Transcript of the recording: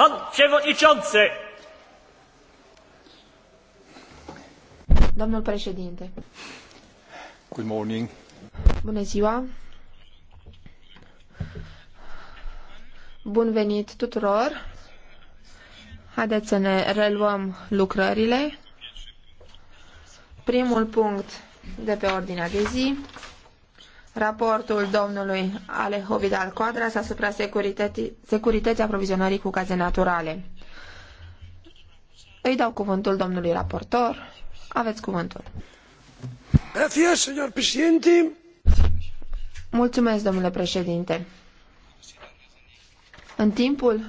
Pan Przewodniczący! Domnul președinte. Good morning. Bună ziua. Bun venit tuturor. Haideți să ne reluăm lucrările. Primul punct de pe ordinea de zi raportul domnului Alehovid al Quadras asupra securității, securității aprovizionării cu gaze naturale. Îi dau cuvântul domnului raportor. Aveți cuvântul. Gracias, señor Mulțumesc, domnule președinte. În timpul